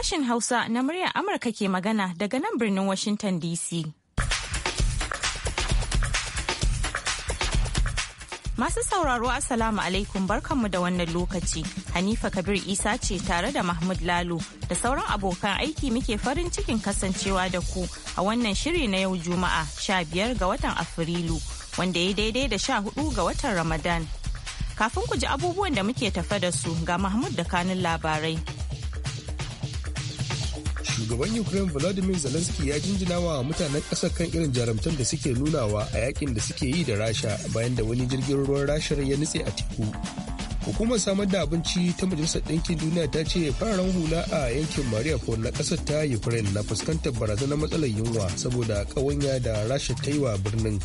Sashen Hausa na muryar Amurka ke magana daga nan birnin Washington DC. Masu sauraro Assalamu alaikum barkanmu da wannan lokaci. Hanifa Kabir Isa ce tare da Mahmud Lalo da sauran abokan aiki muke farin cikin kasancewa da ku a wannan shiri na yau Juma'a 15 ga watan Afrilu wanda ya daidai da 14 ga watan Ramadan. Kafin ku ji abubuwan da muke tafe da su ga Mahmud da kanun labarai. shugaban ukraine volodymyr zelensky ya jinjina wa mutanen ƙasar kan irin jaramtan da suke nunawa a yakin da suke yi da rasha bayan da wani jirgin ruwan rashar ya nutse a teku hukumar samar da abinci ta majalisar ɗinkin duniya ta ce fararen hula a yankin mariupol na ƙasar ta ukraine na fuskantar barazanar matsalar yunwa saboda ƙawanya da rasha ta yi wa birnin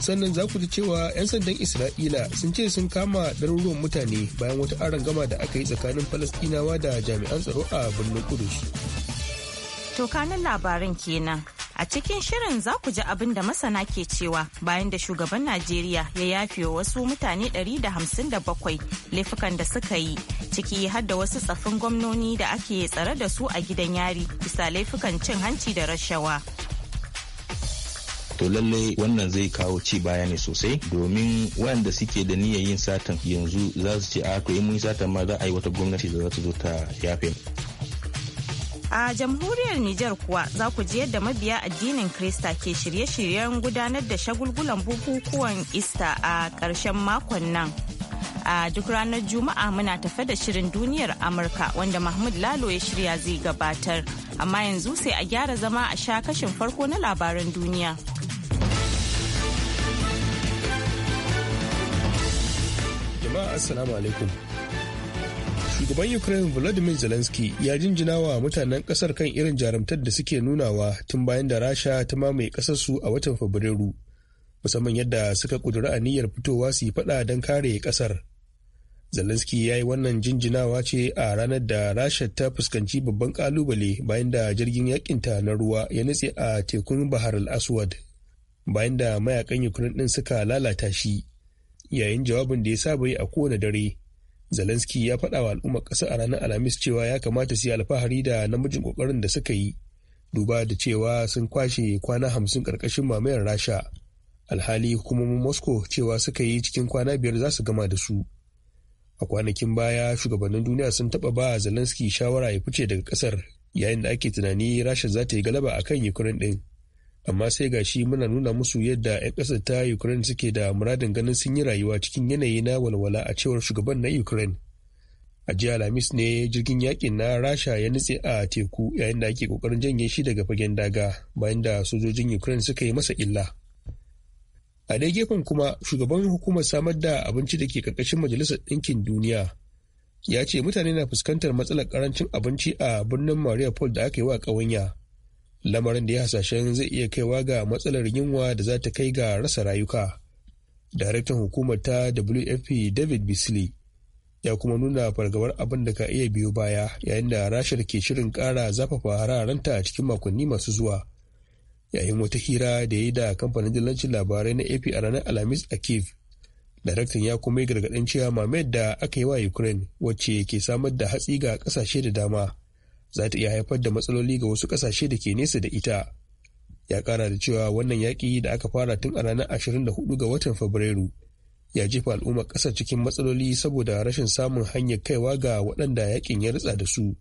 sannan za ku ji cewa 'yan sandan isra'ila sun ce sun kama ɗaruruwan mutane bayan wata gama da aka yi tsakanin falasɗinawa da jami'an tsaro a birnin kudus To kanin labaran kenan. A cikin shirin za ku ji abin da masana ke cewa bayan da shugaban Najeriya ya yafe wasu mutane 157 laifukan da suka yi ciki har da wasu tsaffin gwamnoni da ake tsare da su a gidan yari bisa laifukan cin hanci da rashawa. to lalle wannan zai kawo ci baya ne sosai domin wanda suke da niyyar yin satan yanzu za su ce a to in mun satan ma za a yi wata gwamnati da za ta zo ta yafe A jamhuriyar Nijar kuwa za ku ji yadda mabiya addinin Krista ke shirye-shiryen gudanar da shagulgulan bukukuwan Ista a ƙarshen makon nan. A duk ranar Juma'a muna tafe da shirin duniyar Amurka wanda Mahmud Lalo ya shirya zai gabatar. Amma yanzu sai a gyara zama a sha kashin farko na labaran duniya. Jama'a Assalamu alaikum. shugaban ukraine volodymyr zelensky ya jinjina wa mutanen kasar kan irin jarumtar da suke nunawa tun bayan da rasha ta mamaye su a watan fabrairu musamman yadda suka a aniyar fitowa su yi fada don kare kasar zelensky ya yi wannan jinjinawa ce a ranar da rasha ta fuskanci babban kalubale bayan da jirgin yakinta na ruwa ya nutse a tekun bahar al-aswad bayan da mayakan ukraine din suka lalata shi yayin jawabin da ya saba yi a kowane dare Zelensky ya faɗa wa al'ummar ƙasa a ranar Alhamis cewa ya kamata su yi alfahari da namijin ƙoƙarin da suka yi, duba da cewa sun kwashe kwana hamsin ƙarƙashin mamayar Rasha. Alhali hukumomin Moscow cewa suka yi cikin kwana biyar za su gama da su. A kwanakin baya shugabannin duniya sun taɓa ba Zelensky shawara ya fice daga ƙasar yayin da ake tunani Rasha za ta yi galaba a kan Ukraine ɗin. amma sai ga shi muna nuna musu yadda 'yan ƙasar ta ukraine suke da muradin ganin sun yi rayuwa cikin yanayi na walwala a cewar shugaban na ukraine a jiya alhamis ne jirgin yakin na rasha ya nutse a teku yayin da ake kokarin janye shi daga fagen daga bayan da sojojin ukraine suka yi masa illa a dai gefen kuma shugaban hukumar samar da abinci da ke karkashin majalisar ɗinkin duniya ya ce mutane na fuskantar matsalar karancin abinci a birnin mariupol da aka yi wa ƙawanya lamarin da ya hasashen zai iya kaiwa ga matsalar yunwa da za ta kai ga rasa rayuka daraktan hukumar ta wfp david bisley ya kuma nuna fargabar abin da ka iya biyo baya yayin da rashar ke shirin kara zafafa hararanta a cikin makonni masu zuwa yayin wata hira da ya yi da kamfanin dillancin labarai na ap a ranar alhamis a kiev daraktan ya kuma yi gargaɗin cewa mamayar da aka yi wa ukraine wacce ke samar da hatsi ga ƙasashe da dama za ta iya haifar da matsaloli ga wasu ƙasashe da ke nesa da ita. Ya ƙara da cewa wannan yaƙi da aka fara tun a ranar 24 ga watan Fabrairu ya jefa al'ummar ƙasar cikin matsaloli saboda rashin samun hanyar kaiwa ga waɗanda yaƙin ya ritsa da su.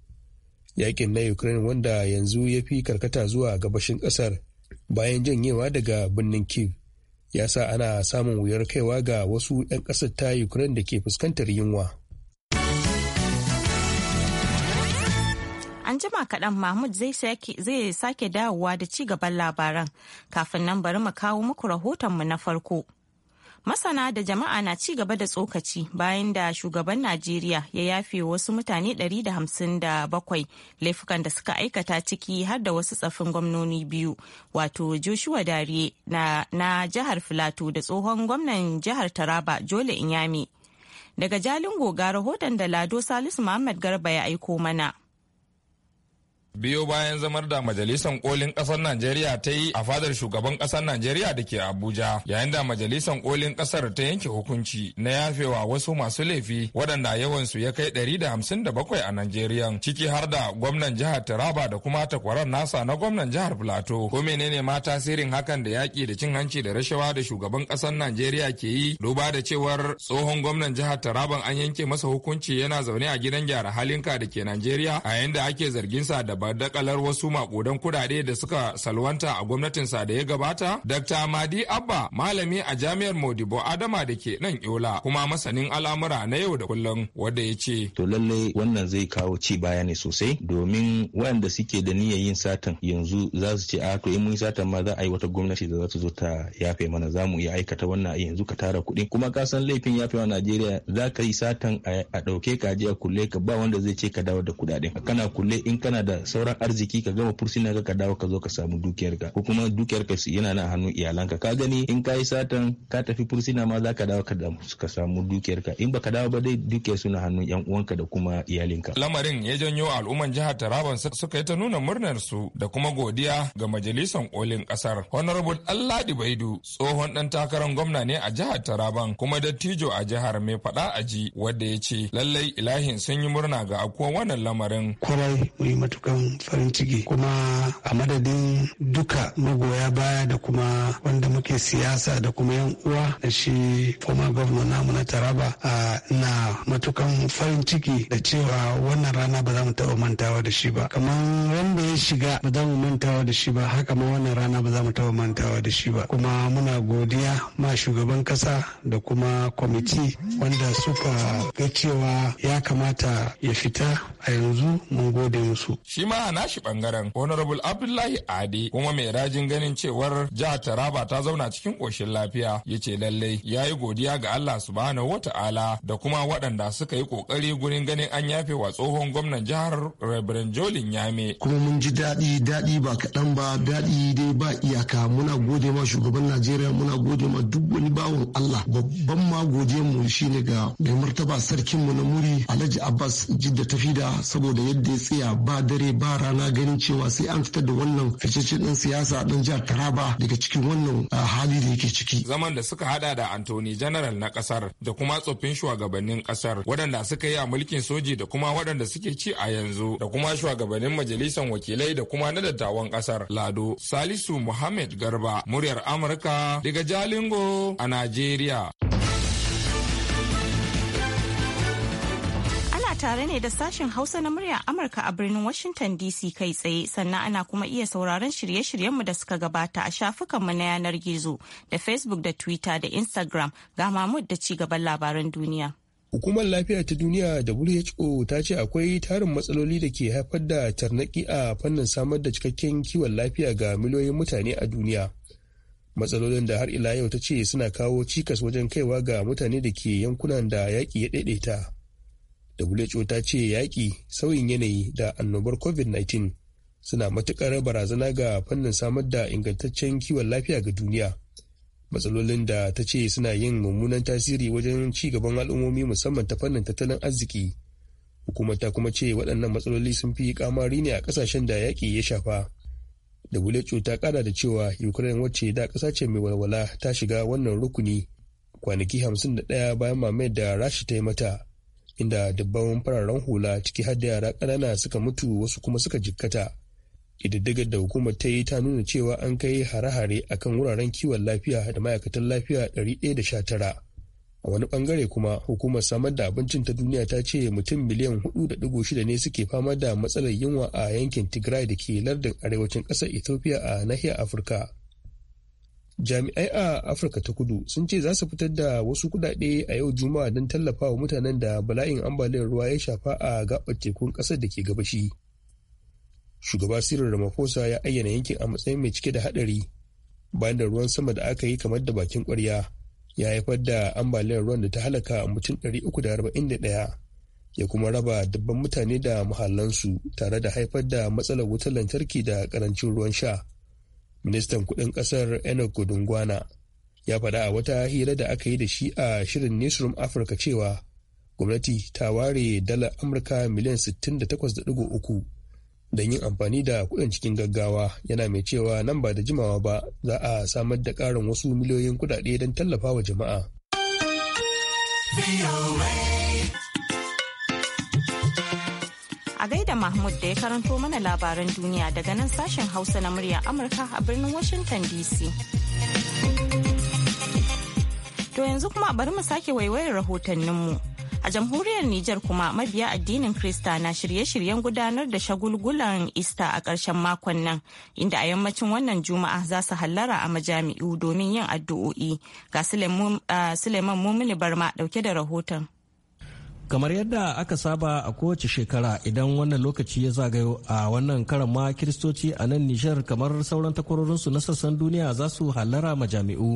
Yaƙin na Ukraine wanda yanzu ya fi karkata zuwa gabashin ƙasar bayan janyewa daga birnin Kiev ya sa ana samun wuyar kaiwa ga wasu 'yan ƙasar ta Ukraine da ke fuskantar yunwa. an jima kaɗan Mahmud zai sake dawowa da ci gaban labaran kafin nan bari mu kawo muku rahotonmu na farko. Masana da jama'a na ci gaba da tsokaci bayan da shugaban Najeriya ya yafe wasu mutane 157 laifukan da suka aikata ciki har da wasu tsafin gwamnoni biyu, wato Joshua Dare na, na jihar Filato da tsohon gwamnan jihar Taraba Jole Inyami. Daga Jalingo ga rahoton da Lado Salisu Muhammad Garba ya aiko mana. biyo bayan zamar da majalisar kolin kasar najeriya ta yi a fadar shugaban kasar najeriya da ke abuja yayin da majalisar kolin kasar ta yanke hukunci na yafewa wasu masu laifi waɗanda yawansu ya kai 157 a najeriya ciki har da gwamnan jihar taraba da kuma takwarar nasa na gwamnan jihar plateau ko menene ma tasirin hakan da yaƙi da cin hanci da rashawa da shugaban kasar najeriya ke yi duba da cewar tsohon gwamnan jihar taraban an yanke masa hukunci yana zaune a gidan gyara halinka da ke najeriya a yayin da ake zargin sa da dakalar wasu makudan kudade da suka salwanta a gwamnatinsa da ya gabata? Dr. Madi Abba malami a jami'ar Modibo Adama da ke nan Yola kuma masanin al'amura na yau da kullum wanda ya ce. To lallai wannan zai kawo ci baya ne sosai domin waɗanda suke da niyyar yin satan yanzu za su ce a to in mun satan ma za a yi wata gwamnati da za ta zo ta yafe mana za mu iya aikata wannan yanzu ka tara kuɗi kuma ka san laifin yafewa Najeriya za ka yi satan a ɗauke ka je a kulle ka ba wanda zai ce ka dawo da kuɗaɗen kana kulle in kana da sauran arziki ka gama fursuna ka ka dawo ka zo ka samu dukiyar ka ko kuma dukiyar ka yana na hannun iyalanka ka gani in ka yi satan ka tafi fursuna ma za ka dawo ka samu dukiyar ka in baka dawo ba dai dukiyar suna hannun yan uwanka da kuma iyalinka lamarin ya janyo al'umman jihar Taraban suka yi ta nuna murnar su da kuma godiya ga majalisar kolin kasar honorable Allah Baidu tsohon dan takarar gwamna ne a jihar Taraban kuma dattijo a jihar mai fada aji wanda ya ce lallai ilahin sun yi murna ga akwai wannan lamarin kwarai mai matukan farin ciki kuma a madadin duka magoya baya da kuma wanda muke siyasa da kuma yan uwa da shi former governor namu na taraba na matukan farin ciki da cewa wannan rana ba za mu taɓa mantawa da shi ba kamar wanda ya shiga ba za mu mantawa da shi ba haka ma wannan rana ba za mu taɓa mantawa da shi ba kuma muna godiya ma shugaban kasa da kuma kwamiti wanda suka ga cewa ya kamata ya fita a yanzu mun gode musu. ma a nashi bangaren honorable abdullahi ade kuma mai rajin ganin cewar jihar taraba ta zauna cikin koshin lafiya ya ce lallai ya yi godiya ga allah subhanahu wata'ala da kuma waɗanda suka yi ƙoƙari gurin ganin an yafe wa tsohon gwamnan jihar reverend jolin yame kuma mun ji daɗi daɗi ba kaɗan ba daɗi dai ba iyaka muna gode ma shugaban najeriya muna gode ma duk wani bawon allah babban ma godiyan mu shine ga mai martaba sarkin mu na muri alhaji abbas jidda tafida saboda yadda ya tsaya ba dare ba ba rana ganin cewa sai an fitar da wannan ficicin din siyasa din jihar Taraba daga cikin wannan hali da yake ciki. Zaman da suka hada da Anthony General na ƙasar da kuma tsoffin shugabannin ƙasar waɗanda suka yi a mulkin soji da kuma waɗanda suke ci a yanzu da kuma shugabannin majalisar wakilai da kuma na dattawan ƙasar Lado Salisu Muhammad Garba muryar Amurka daga Jalingo a Najeriya. tare ne da sashen Hausa na muryar Amurka a birnin Washington DC kai tsaye sannan ana kuma iya sauraron shirye-shiryenmu da suka gabata a shafukanmu na yanar gizo da Facebook da Twitter da Instagram ga Mahmud da ci gaban labaran duniya. Hukumar lafiya ta duniya WHO ta ce akwai tarin matsaloli da ke haifar da tarnaki a fannin samar da cikakken kiwon lafiya ga miliyoyin mutane a duniya. matsalolin da har ila yau ta ce suna kawo cikas wajen kaiwa ga mutane da ke yankunan da yaƙi ya ɗaiɗaita WHO ta ce yaƙi sauyin yanayi da annobar COVID-19 suna matuƙar barazana ga fannin samar da ingantaccen kiwon lafiya ga duniya. Matsalolin da ta ce suna yin mummunan tasiri wajen ci gaban al'ummomi musamman ta fannin tattalin arziki. Hukumar ta kuma ce waɗannan matsaloli sun fi kamari ne a ƙasashen da yaƙi ya shafa. da WHO ta ƙara da cewa Ukraine wacce da ƙasa ce mai walwala ta shiga wannan rukuni kwanaki ɗaya bayan mamayar da rashi ta yi mata. inda dubban fararen hula ciki har da yara ƙanana suka mutu wasu kuma suka jikkata ƙididdigar da hukumar ta yi ta nuna cewa an kai hare-hare a kan wuraren kiwon lafiya da ma'aikatan lafiya da 119 a wani ɓangare kuma hukumar samar da abincin ta duniya ta ce mutum miliyan 4.6 ne suke fama da matsalar yunwa a yankin tigray da ke lardin arewacin ƙasar ethiopia a nahiyar afirka jami'ai a afirka ta kudu sun ce za su fitar da wasu kudade a yau juma'a don tallafawa mutanen da bala'in ambaliyar ruwa ya shafa a gabar tekun kasar da ke gabashi shugaba sirin ramaphosa ya ayyana yankin a matsayin mai cike da hadari bayan da ruwan sama da aka yi kamar da bakin kwarya ya haifar da ambaliyar ruwan da ta halaka mutum uku da da arba'in 341 ya kuma raba dubban mutane da muhallansu tare da haifar da matsalar wutar lantarki da karancin ruwan sha ministan kudin kasar enoch gudungwana ya faɗa a wata hira da aka yi da shi a shirin newsroom afirka cewa gwamnati ta ware dalar amurka miliyan 68.3 don yin amfani da kudin cikin gaggawa yana mai cewa nan ba da jimawa ba za a samar da ƙarin wasu miliyoyin kudade don tallafa wa jama'a. a gaida Mahmud da ya karanto mana labaran duniya daga nan sashen Hausa na muryar Amurka a birnin Washington DC. To yanzu kuma bari mu sake waiwayar rahotanninmu. A jamhuriyar Nijar kuma mabiya addinin Krista na shirye-shiryen gudanar da shagulgulan Ista a ƙarshen makon nan, inda a yammacin wannan Juma'a za su hallara a majami'u domin yin addu'o'i. Ga Suleiman ah, Mumini Barma ɗauke da rahoton. kamar yadda aka saba a kowace shekara idan wannan lokaci ya zagayo a wannan karan ma kiristoci a nan nishar kamar sauran takwarorinsu na sassan duniya za su hallara majami'u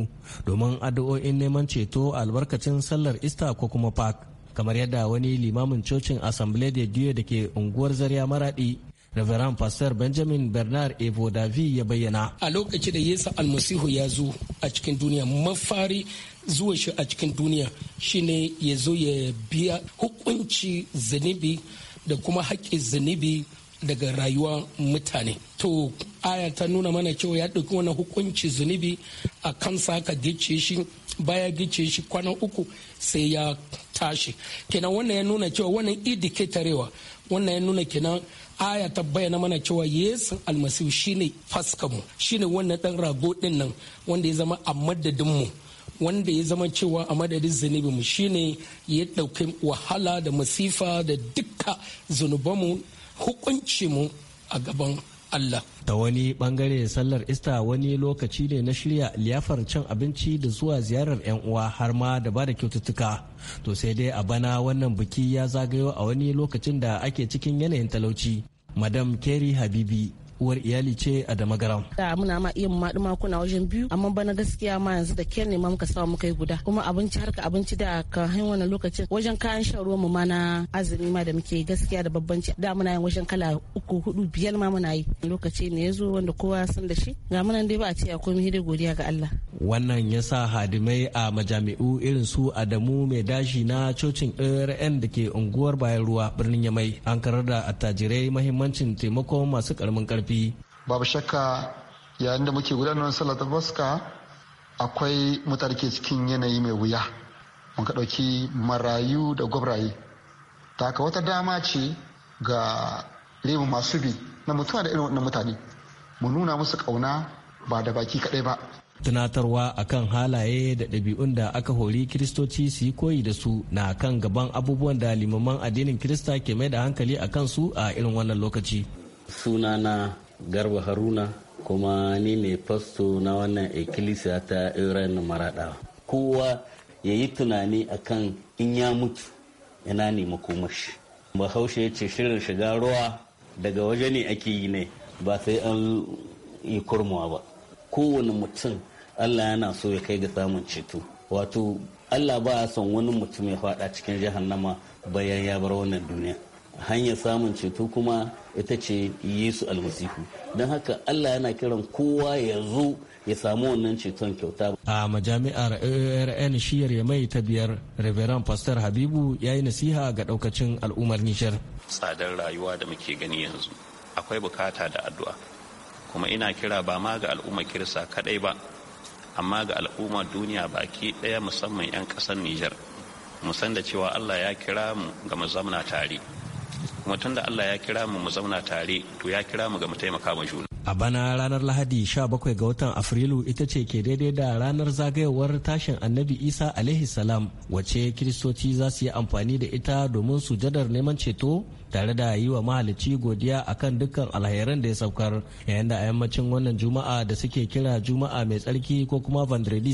domin addu'o'in neman ceto albarkacin sallar ista ko kuma park kamar yadda wani limamin cocin assembly de dieu da ke unguwar zarya maradi Reverend Pastor Benjamin Bernard Evo Davi ya bayyana. A lokacin da Yesu almasihu ya zo a cikin duniya mafari zuwa shi a cikin duniya shine ya zo ya biya hukunci zunubi da kuma haƙƙin zunubi daga rayuwa mutane to aya ta nuna mana cewa ya ɗauki wani hukunci zunubi a kan saka gice shi baya gice shi kwanan uku sai ya tashi kenan wannan ya nuna cewa wannan idiketarewa wannan ya nuna kenan aya ta bayyana mana cewa yesu almasihu shine faskamu shine wannan dan rago dinnan wanda ya zama a madadin mu wanda ya zama cewa a madadin mu shine ya ɗauki wahala da masifa da dukka zunubanmu hukuncinmu a gaban Allah. Ta wani bangare sallar ista wani lokaci ne na shirya liyafar cin abinci da zuwa ziyarar 'yan uwa har ma da ba da kyaututtuka. To sai dai a bana wannan biki ya zagayo a wani lokacin da ake cikin yanayin talauci. Madam Kerry Habibi uwar iyali ce a damagaram da muna ma iya maɗi makuna wajen biyu amma bana gaskiya ma yanzu da ken ne ma muka sa muka yi guda kuma abinci harka abinci da ka hain wannan lokacin wajen kayan shan ruwan mu ma na azumi ma da muke gaskiya da babbanci da muna yin wajen kala uku hudu biyar ma muna yi lokaci ne ya zo wanda kowa san da shi ga muna dai ba a ce akwai godiya ga Allah wannan ya sa hadimai a majami'u irin su Adamu mai dashi na cocin yan da ke unguwar bayan ruwa birnin Yamai an karar da attajirai mahimmancin taimako masu karamin karfi tafi babu shakka yayin da muke gudanar sallar ta akwai mutarke cikin yanayi mai wuya mun ka ɗauki marayu da gwabraye taka wata dama ce ga rebu masu bi na mutuwa da irin waɗannan mutane mu nuna musu ƙauna ba da baki kaɗai ba tunatarwa a kan halaye da ɗabi'un da aka hori kiristoci su yi koyi da su na kan gaban abubuwan da limaman addinin kirista ke mai da hankali a kansu a irin wannan lokaci sunana garba haruna kuma ni ne fasto na wannan ikkilisiya ta iran maradawa kowa ya yi tunani akan in ya mutu ina ne makomashi bahaushe ya ce shirin shiga ruwa daga waje ne ake yi ne ba sai an yi kurmuwa ba kowane mutum allah yana so ya kai ga samun ceto wato allah ba son wani mutum ya faɗa cikin jahannama bayan ya bar wannan duniya hanyar samun ceto kuma ita ce yesu almasihu don haka allah yana kiran kowa ya zo ya samu wannan ceton kyauta a majami'ar arn shiyar ya mai ta biyar reverend pastor habibu ya yi nasiha ga daukacin al'ummar nishar tsadar rayuwa da muke gani yanzu akwai bukata da addu'a kuma ina kira ba ma ga al'ummar Kirsa kadai ba amma ga al'ummar duniya baki daya musamman 'yan kasar nijar musan da cewa allah ya kira mu ga mu zamna tare kuma da Allah ya kira mu mu zauna tare to ya kira mu ga mu taimaka ma juna a bana ranar lahadi sha bakwai ga watan afrilu ita ce ke daidai da ranar zagayowar tashin annabi isa alaihi salam wace kiristoci za su yi amfani da ita domin sujadar neman ceto tare da yi wa mahalicci godiya akan dukkan alheran da ya saukar yayin da a yammacin wannan juma'a da suke kira juma'a mai tsarki ko kuma vendredi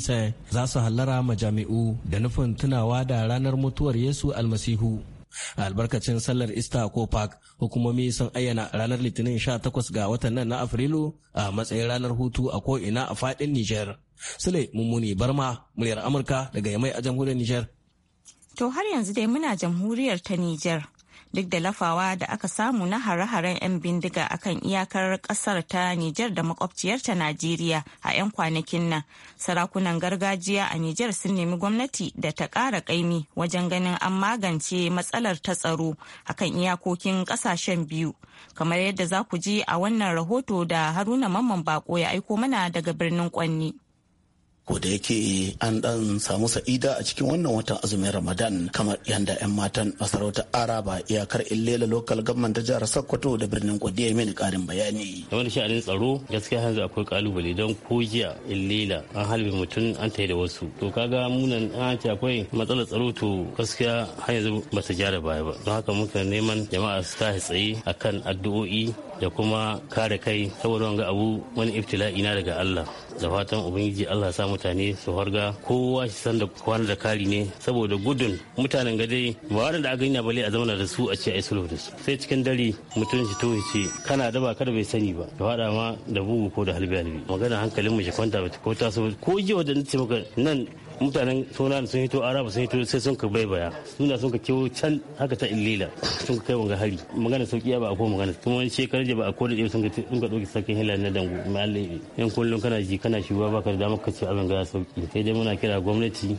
za su hallara majami'u da nufin tunawa da ranar mutuwar yesu almasihu A albarkacin sallar ista ko park hukumomi sun ayyana ranar litinin 18 ga watan nan na afrilu a matsayin ranar hutu a ko'ina a fadin niger sule mummuni barma muryar amurka daga yamai a jamhuriyar niger to har yanzu dai muna jamhuriyar ta niger duk da lafawa da aka samu na hare-haren 'yan bindiga akan iyakar kasar ta Nijar da makwabciyarta Najeriya a 'yan kwanakin nan. Sarakunan gargajiya a Nijar sun nemi gwamnati da ta ƙara ƙaimi wajen ganin an magance matsalar ta tsaro akan iyakokin ƙasashen biyu. Kamar yadda za ku ji a wannan rahoto da Haruna Mamman Bako ya aiko mana daga birnin Kwanni. ko da yake eh, an dan samu sa'ida a cikin wannan watan azumin ramadan kamar yadda 'yan matan masarautar araba iyakar illela lokal gamman ta jihar sokoto da birnin kwadiya da karin bayani game da sha'anin tsaro gaskiya hanzu akwai kalubale don kogiya illela an halbe mutum an tai da wasu to kaga munan an ce akwai matsalar tsaro to gaskiya har yanzu ba ta gyara baya ba don haka muka neman jama'a su tashi tsaye akan addu'o'i da kuma kare kai saboda wanga abu wani iftila'i na daga Allah da fatan ubangiji Allah sa mutane su harga kowa shi san da kwana da kari ne saboda gudun mutanen gade ba waɗanda aka yi bale a zauna da su a ce ai sulhu da su sai cikin dare mutum shi to ce kana da daba kada bai sani ba da fada ma da bugu ko da halbi halbi magana hankalin mu shi kwanta ba ko ta so ko jiya da ce maka nan mutanen solan sun hito araba sun hito sai sun ka bai baya suna sun ka kewo can haka ta illila sun ka kai wanga hari magana sauki ba a ko magana kuma wani shekarar da ba a ko da sun ka sun ka dauki sakin hila na dango mai Allah yan kullun kana ji kana shi ba ka da damar ka ce abin ga sauki sai dai muna kira gwamnati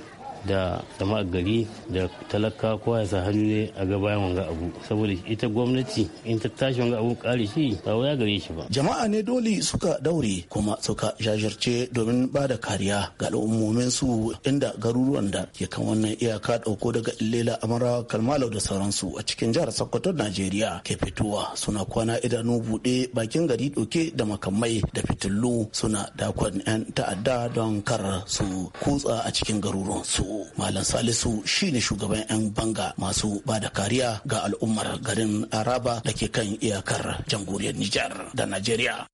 da a gari da talaka kowa ya sa hannu ne a ga bayan wanga abu saboda ita gwamnati in ta tashi wanga abu kare shi ba waya gare shi ba jama'a ne dole suka daure kuma suka jajirce domin ba da kariya ga al'ummomin su inda garuruwan da ke kan wannan iyaka dauko daga illela amara kalmalau da sauransu a cikin jihar sokoto najeriya ke fitowa suna kwana idanu bude bakin gari doke da makamai da fitillu suna dakon 'yan ta'adda don kar su kutsa a cikin garuruwan su tsaro malam salisu shine shugaban 'yan banga masu ba da kariya ga al'ummar garin araba da ke kan iyakar jamhuriyar nijar da najeriya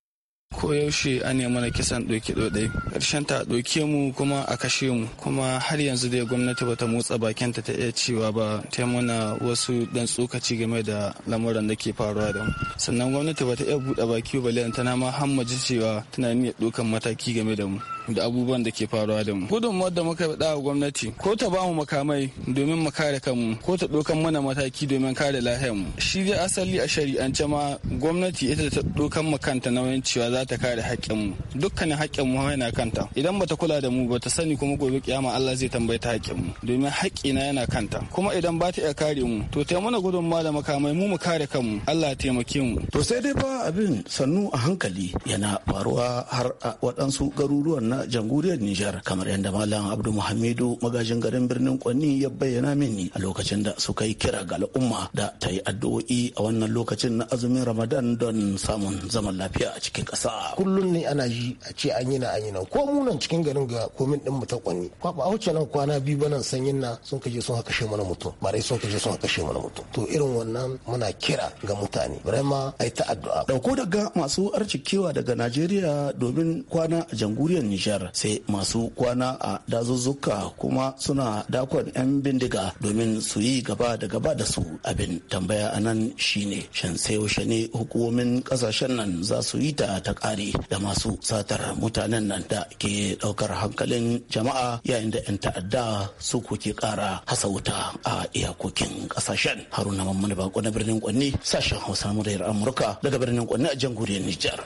ko yaushe an ne mana kisan doki ɗoɗai karshen ta ɗauke mu kuma a kashe mu kuma har yanzu dai gwamnati bata motsa bakinta ta iya cewa ba ta mana wasu ɗan tsokaci game da lamuran da ke faruwa da mu sannan gwamnati bata iya buɗe baki ba tana ma hammaji cewa tana niyyar ɗaukan mataki game da mu da abubuwan da ke faruwa da mu. Gudunmuwar da muka da wa gwamnati ko ta bamu makamai domin mu kare kanmu ko ta ɗaukan mana mataki domin kare mu Shi dai asali a shari'ance ma gwamnati ita ta ɗaukan makanta nauyin cewa za za ta kare haƙƙinmu dukkanin haƙƙinmu yana kanta idan bata kula da mu bata sani kuma gobe kiyama Allah zai tambaye ta haƙƙinmu domin na yana kanta kuma idan ba ta iya kare mu to ta mana gudun ma da makamai mu mu kare kanmu Allah taimake mu to sai dai fa abin sannu a hankali yana faruwa har a waɗansu garuruwan na jamhuriyar Nijar kamar yadda Malam Abdul Muhammadu magajin garin birnin Kwanni ya bayyana mini a lokacin da suka yi kira ga al'umma da ta yi addu'o'i a wannan lokacin na azumin Ramadan don samun zaman lafiya a cikin ƙasa kullum ne ana yi a ce an yi na an yi nan ko munan cikin garin ga komin din mu ta kwanni kwaba a wuce nan kwana biyu banan sanyin na sun kaje sun kashe mana mutum ba sun kaje sun kashe mana mutum to irin wannan muna kira ga mutane barema ai ta addu'a dauko daga masu arcikewa daga Najeriya domin kwana a janguriyar Nijar sai masu kwana a dazuzzuka kuma suna dakon yan bindiga domin su yi gaba da gaba da su abin tambaya anan shine shan sayo ne hukumomin kasashen nan za su yi ta ta kare da masu satar mutanen nan da ke daukar hankalin jama'a yayin da 'yan ta'adda su kuke kara hasa wuta a iyakokin kasashen haruna mamman bako na birnin kwanni sashen hausa muryar amurka daga birnin kwanni a jamhuriyar nijar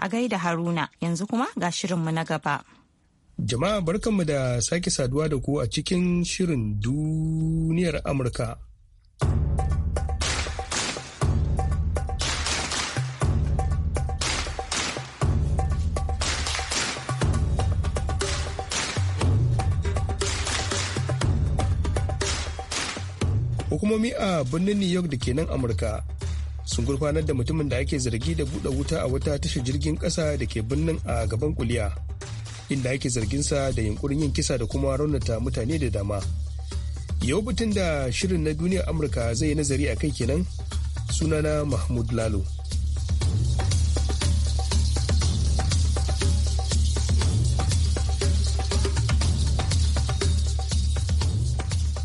a gaida haruna yanzu kuma ga shirin mu na gaba jama'a barkanmu da sake saduwa da ku a cikin shirin duniyar amurka hukumomi a birnin new york da ke nan amurka sun gurfanar da mutumin da ake zargi da buɗe wuta a wata tashar jirgin ƙasa da ke birnin a gaban kuliya inda ake zarginsa da yunkurin yin kisa da kuma raunata mutane da dama yau batun da shirin na duniya amurka zai yi nazari a kai kenan sunana mahmud lalo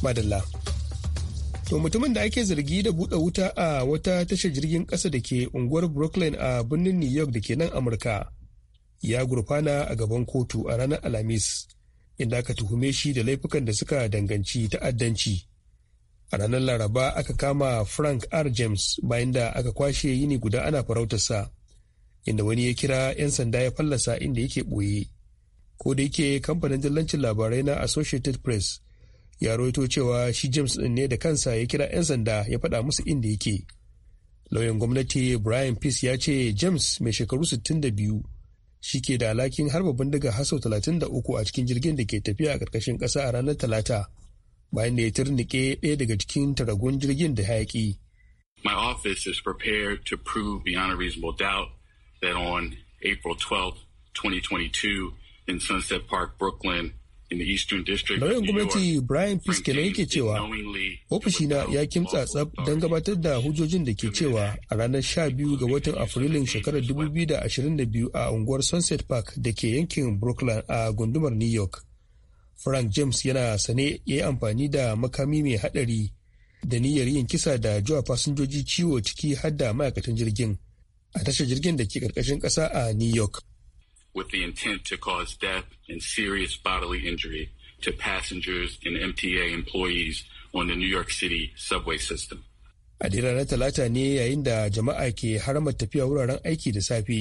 madalla To mutumin da ake zargi da buɗe wuta a wata tashar jirgin ƙasa da ke unguwar Brooklyn a birnin New York da ke nan Amurka ya gurfana a gaban kotu a ranar Alhamis inda aka tuhume shi da laifukan da suka danganci ta'addanci. A ranar Laraba aka kama Frank R. James bayan da aka kwashe yini guda ana farautarsa, inda wani ya kira 'yan sanda ya fallasa inda yake ɓoye. Ko da yake kamfanin dillancin labarai na Associated Press ya roito cewa shi james din ne da kansa ya kira 'yan sanda ya faɗa musu inda yake lauyan gwamnati brian peace ya ce james mai shekaru 62 shi ke da alhakin harba bindiga haso 33 a cikin jirgin da ke tafiya a karkashin ƙasa a ranar talata bayan da ya turnike ɗaya daga cikin taragun jirgin da hayaƙi. My office is prepared to prove beyond a reasonable doubt that on April 12, 2022, in Sunset Park, Brooklyn, Lauyan gwamnati Brian Fiske ne yake cewa ofishina ya kimtsa tsab don gabatar da hujjojin da ke cewa a ranar 12 ga watan Afrilun shekarar 2022 a unguwar Sunset Park da ke yankin Brooklyn a gundumar New York. Frank James yana sane ya yi amfani da makami mai haɗari da niyyar yin kisa da zuwa fasinjoji ciwo ciki har ma'aikatan jirgin a tashar jirgin da ke ƙarƙashin ƙasa a New York. with the intent to cause death and serious bodily injury to passengers and MTA employees on the New York City subway system. A ranar Talata ne yayin da jama'a ke haramar tafiya wuraren aiki da safe.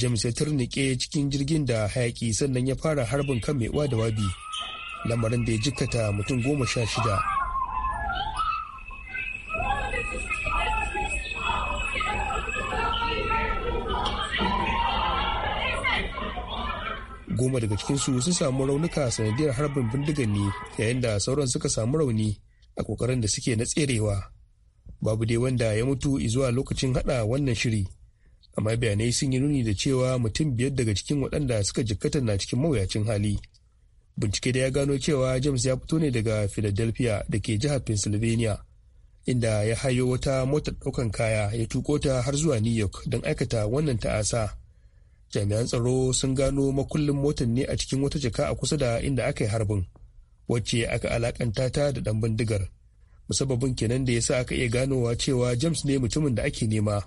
James ya turnike cikin jirgin da hayaki sannan ya fara harbin kan mai da wabi. Lamarin da ya jikkata mutum goma sha shida. goma daga cikinsu sun samu raunuka sanadiyar harbin bindigan ne yayin da sauran suka samu rauni a kokarin da suke na tserewa babu dai wanda ya mutu zuwa lokacin hada wannan shiri amma bayanai sun yi nuni da cewa mutum biyar daga cikin waɗanda suka jikkata na cikin mawuyacin hali bincike da ya gano cewa james ya fito ne daga philadelphia da ke jihar pennsylvania inda ya hayo wata motar ɗaukan kaya ya tuko ta har zuwa new york don aikata wannan ta'asa jami'an tsaro sun gano makullin motar ne a cikin wata jaka a kusa da inda aka yi harbin wacce aka alakanta ta da dan bindigar musabbabin kenan da yasa aka iya ganowa cewa james ne mutumin da ake nema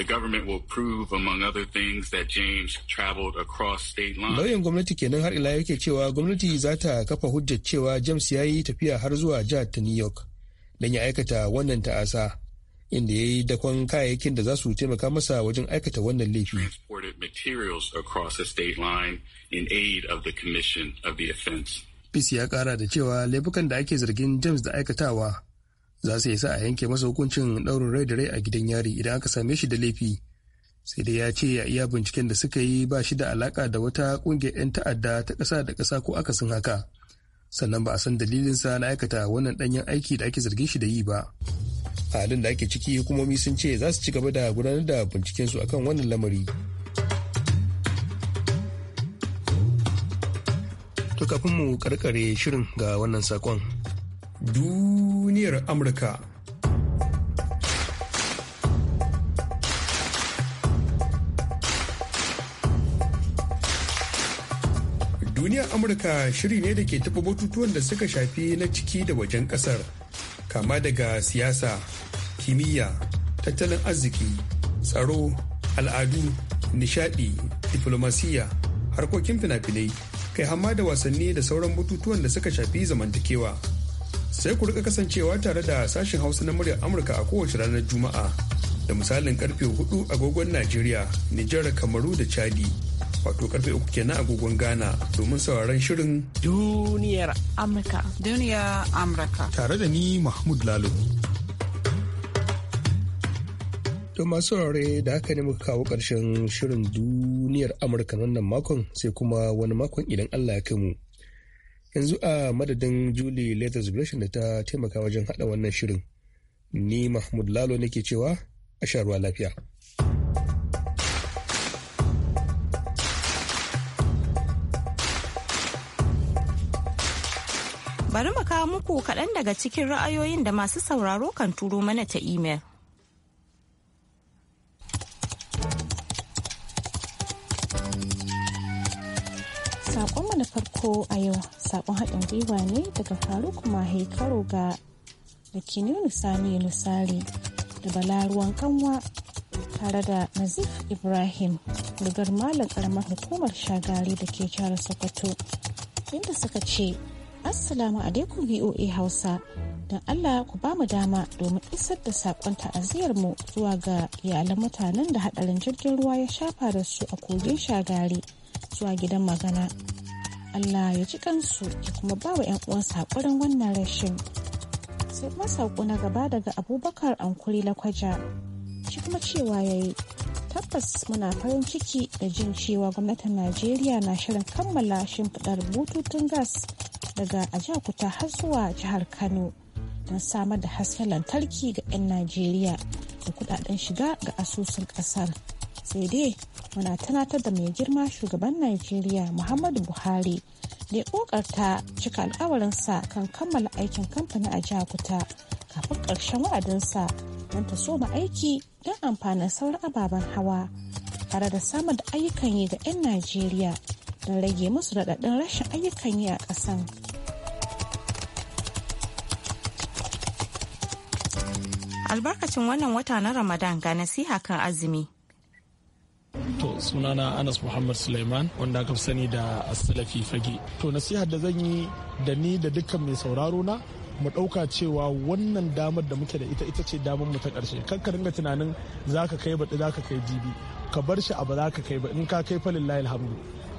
The government will prove, among other things, that James traveled across state lines. Lauyan gwamnati kenan har ila yake cewa gwamnati za ta kafa hujjar cewa James ya yi tafiya har zuwa jihar ta New York don ya aikata wannan ta'asa. inda ya yi dakon kayayyakin da za su taimaka masa wajen aikata wannan laifi. Peace ya kara da cewa laifukan da ake zargin James da aikatawa za su yi sa a yanke masa hukuncin ɗaurin rai da rai a gidan yari idan aka same shi da laifi. Sai dai ya ce ya iya binciken da suka yi ba shi da alaka da wata ƙungiyar 'yan ta'adda ta ƙasa da kasa ko akasin haka. Sannan ba a san dalilinsa na aikata wannan ɗanyen aiki da ake zargin shi da yi ba. a halin da ake ciki hukumomi sun ce za su ci gaba da gudanar da bincikensu akan wannan lamari to kafin mu karkare shirin ga wannan sakon duniyar amurka duniyar amurka shiri ne da ke taɓa batutuwan da suka shafi na ciki da wajen ƙasar kama daga siyasa kimiyya tattalin arziki tsaro al'adu nishadi diflomasiyya harkokin fina-finai kai hamma da wasanni da sauran bututuwan da suka shafi zamantakewa sai ku rika kasancewa tare da sashen hausa na muryar amurka a kowace ranar juma'a da misalin karfe 4 agogon najeriya nijar kamaru da chadi wato karfe uku kenan agogon Ghana domin sauraron shirin duniyar Amurka. Duniyar Amurka. Tare da ni Mahmud Lalo. To masu saurare da haka ne muka kawo ƙarshen shirin duniyar Amurka wannan makon sai kuma wani makon idan Allah ya kai mu. Yanzu a madadin Julie Letters da ta taimaka wajen haɗa wannan shirin. Ni Mahmud Lalo nake cewa a sha ruwa lafiya. bari mu kawo muku kaɗan daga cikin ra'ayoyin da masu sauraro kan turo mana ta imel. Sakonmu na farko a yau saƙon haɗin gwiwa ne daga faruk kuma karo ga da kininu sani lusari da balaruwan kanwa tare da nazif ibrahim rigar malam karamar hukumar shagari da ke jihar sokoto inda suka ce Assalamu alaikum VOA Hausa. Don Allah ku ba mu dama domin isar da saƙon ta'aziyarmu zuwa ga iyalan mutanen da haɗarin jirgin ruwa ya shafa da su a kogin shagari zuwa gidan magana. Allah ya ji kansu ya kuma ba wa 'yan uwansa haƙurin wannan rashin. Sai kuma saƙo na gaba daga Abubakar Ankuri Lakwaja. Shi kuma cewa ya yi tabbas muna farin ciki da jin cewa gwamnatin Najeriya na shirin kammala shimfiɗar bututun gas daga a Ajakuta har zuwa jihar Kano don samar da hasken lantarki ga 'yan Najeriya da kudaden shiga ga asusun kasar. Sai dai muna tunatar da mai girma shugaban Najeriya Muhammadu Buhari da ya kokarta cika alkawarinsa kan kammala aikin kamfanin jakuta kafin karshen wa'adinsa don ta soma aiki don amfanin sauran ababen hawa tare da samar da ayyukan yi ga 'yan Najeriya don rage musu raɗaɗin rashin ayyukan yi a ƙasan. albarkacin wannan wata na ramadan ga nasiha kan azumi To sunana Anas Muhammad Suleiman wanda aka sani da asalafi Fage. To nasihar da zan yi da ni da dukkan mai sauraro na mu ɗauka cewa wannan damar da muke da ita ita ce damar mu ta ƙarshe. ka ringa tunanin za kai baɗi za ka kai jibi. Ka bar shi abu za ka kai ba in ka kai falin layil hamdu.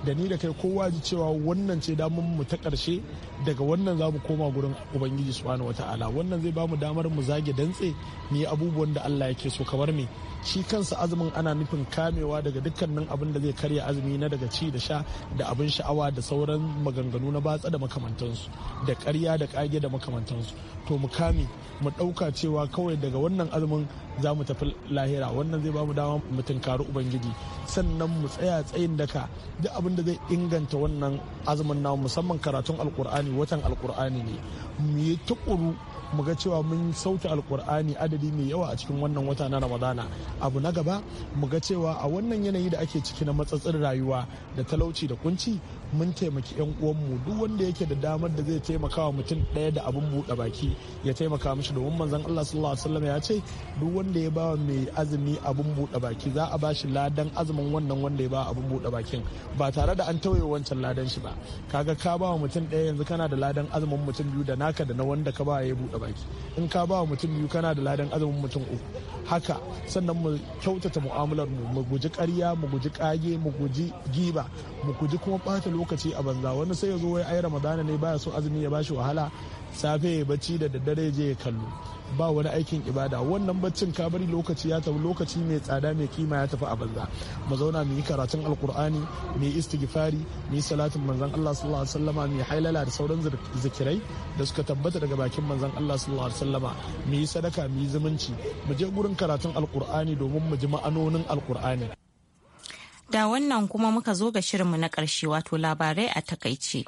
da ni da kai kowa ji cewa wannan ce damar mu ta karshe daga wannan za mu koma gurin ubangiji subhanahu wata'ala wannan zai ba mu damar mu zage dantse ni abubuwan da Allah yake so kamar me shi kansa azumin ana nufin kamewa daga dukkanin abin da zai karya azumi na daga ci da sha da abin sha'awa da sauran maganganu na batsa da makamantansu da karya da kage da makamantansu to mu kame mu ɗauka cewa kawai daga wannan azumin za mu tafi lahira wannan zai bamu damar mu tunkari ubangiji sannan mu tsaya tsayin daka duk abin abin da zai inganta wannan azumin namu musamman karatun alkur'ani watan alkur'ani ne mu yi tukuru mu ga cewa mun sauke alkur'ani adadi mai yawa a cikin wannan wata na ramadana abu na gaba mu ga cewa a wannan yanayi da ake ciki na matsatsin rayuwa da talauci da kunci mun taimaki 'yan uwanmu duk wanda yake da damar da zai taimaka wa mutum ɗaya da abin buɗe baki ya taimaka mishi domin manzon Allah sallallahu alaihi wasallam ya ce duk wanda ya bawa mai azumi abin buɗe baki za a bashi ladan azumin wannan wanda ya ba abin buɗe bakin ba tare da an tauye wancan ladan shi ba kaga ka bawa mutum ɗaya yanzu kana da ladan azumin mutum biyu da naka da na wanda ka ba ya buɗe baki in ka bawa mutum biyu kana da ladan azumin mutum uku haka sannan mu kyautata mu'amalar mu mu guji ƙarya mu guji ƙage mu guji giba mu guji kuma ɓata lokaci a banza wani sai ya zo wai ai ramadana ne baya so azumi ya bashi wahala safe ya bacci da daddare je ya kallo ba wani aikin ibada wannan baccin ka bari lokaci ya tafi lokaci mai tsada mai kima ya tafi a banza mu zauna mu yi karatun alkur'ani mu yi istighfari mu yi salatin manzon Allah sallallahu alaihi wasallama mu yi hailala da sauran zikirai da suka tabbata daga bakin manzon Allah sallallahu alaihi wasallama mu yi sadaka mu yi zumunci mu je gurin karatun alkur'ani domin mu ji ma'anonin alkur'ani Da wannan kuma muka zo ga shirinmu na ƙarshe wato labarai a takaice.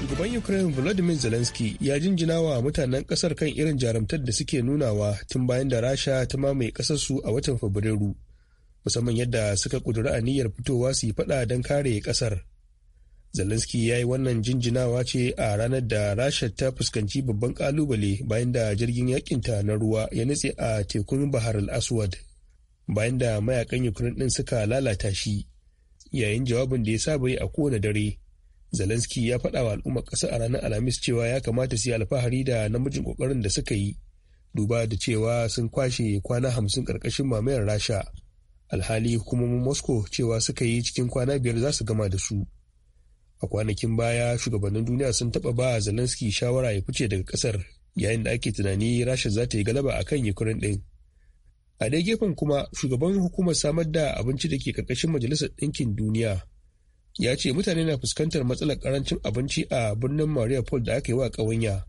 Shugaban Ukraine Volodymyr Zelensky ya jinjina wa mutanen ƙasar kan irin jaramtar da suke nunawa tun bayan da Rasha ta mamaye ƙasarsu a watan Fabrairu, musamman yadda suka ƙuduri aniyar fitowa su yi faɗa don kare ƙasar. Zelensky ya yi wannan jinjinawa ce a ranar da Rasha ta fuskanci babban kalubale bayan da jirgin yakinta na ruwa ya nutse a tekun Bahar al-Aswad bayan da mayakan Ukraine din suka lalata shi. Yayin jawabin da ya saba yi a kowane dare, Zelensky ya faɗa wa al'ummar ƙasa a ranar Alhamis cewa ya kamata su yi alfahari da namijin ƙoƙarin da suka yi, duba da cewa sun kwashe kwana hamsin karkashin mamayar Rasha. Alhali hukumomin Moscow cewa suka yi cikin kwana biyar za su gama da su. a kwanakin baya shugabannin duniya sun taɓa ba zelensky shawara ya fice daga ƙasar yayin da ake tunani rasha za ta yi galaba a kan ukraine ɗin a dai gefen kuma shugaban hukumar samar da abinci da ke karkashin majalisar ɗinkin duniya ya ce mutane na fuskantar matsalar ƙarancin abinci a birnin Maria Paul da aka yi wa ƙawanya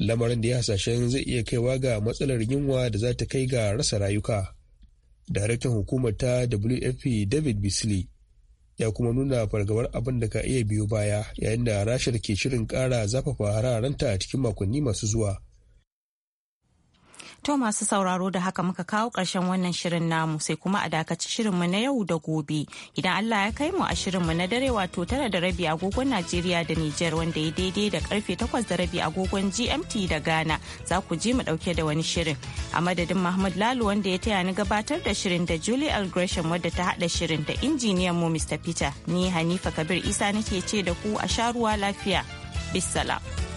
lamarin da ya hasashen zai iya kaiwa ga matsalar yunwa da za ta kai ga rasa rayuka daraktan hukumar ta wfp david bisley ya kuma nuna fargabar abin da ka iya biyo baya yayin da rashar ke shirin kara zafafa hararanta a cikin makonni masu zuwa To masu sauraro da haka muka kawo ƙarshen wannan shirin namu sai kuma a dakaci shirinmu na yau da gobe. Idan Allah ya kai mu a shirinmu na dare wato tara da rabi agogon Najeriya da Nijar wanda ya daidai da karfe takwas da rabi agogon GMT da Ghana za ku ji mu ɗauke da wani shirin. A madadin Mahmud Lalu wanda ya taya ni gabatar da shirin da Julie wadda ta haɗa shirin da injiniyan mu Mr. Peter ni Hanifa Kabir Isa nake ce da ku a sharuwa lafiya. Bissalam.